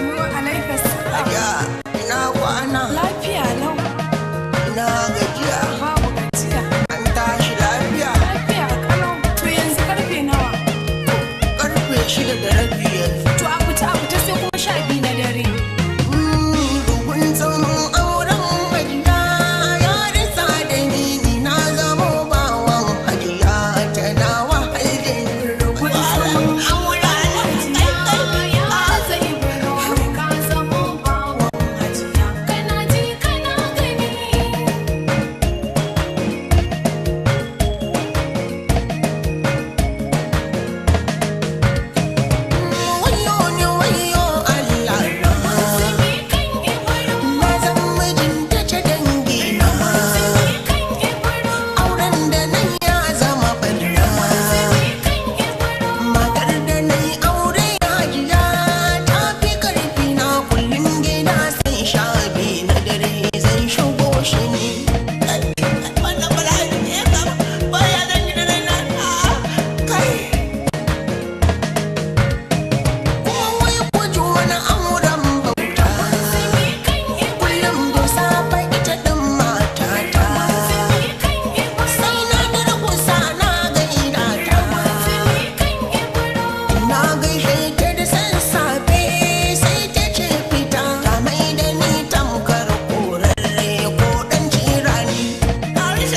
I'm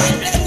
Baby.